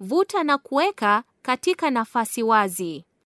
vuta na kuweka katika nafasi wazi.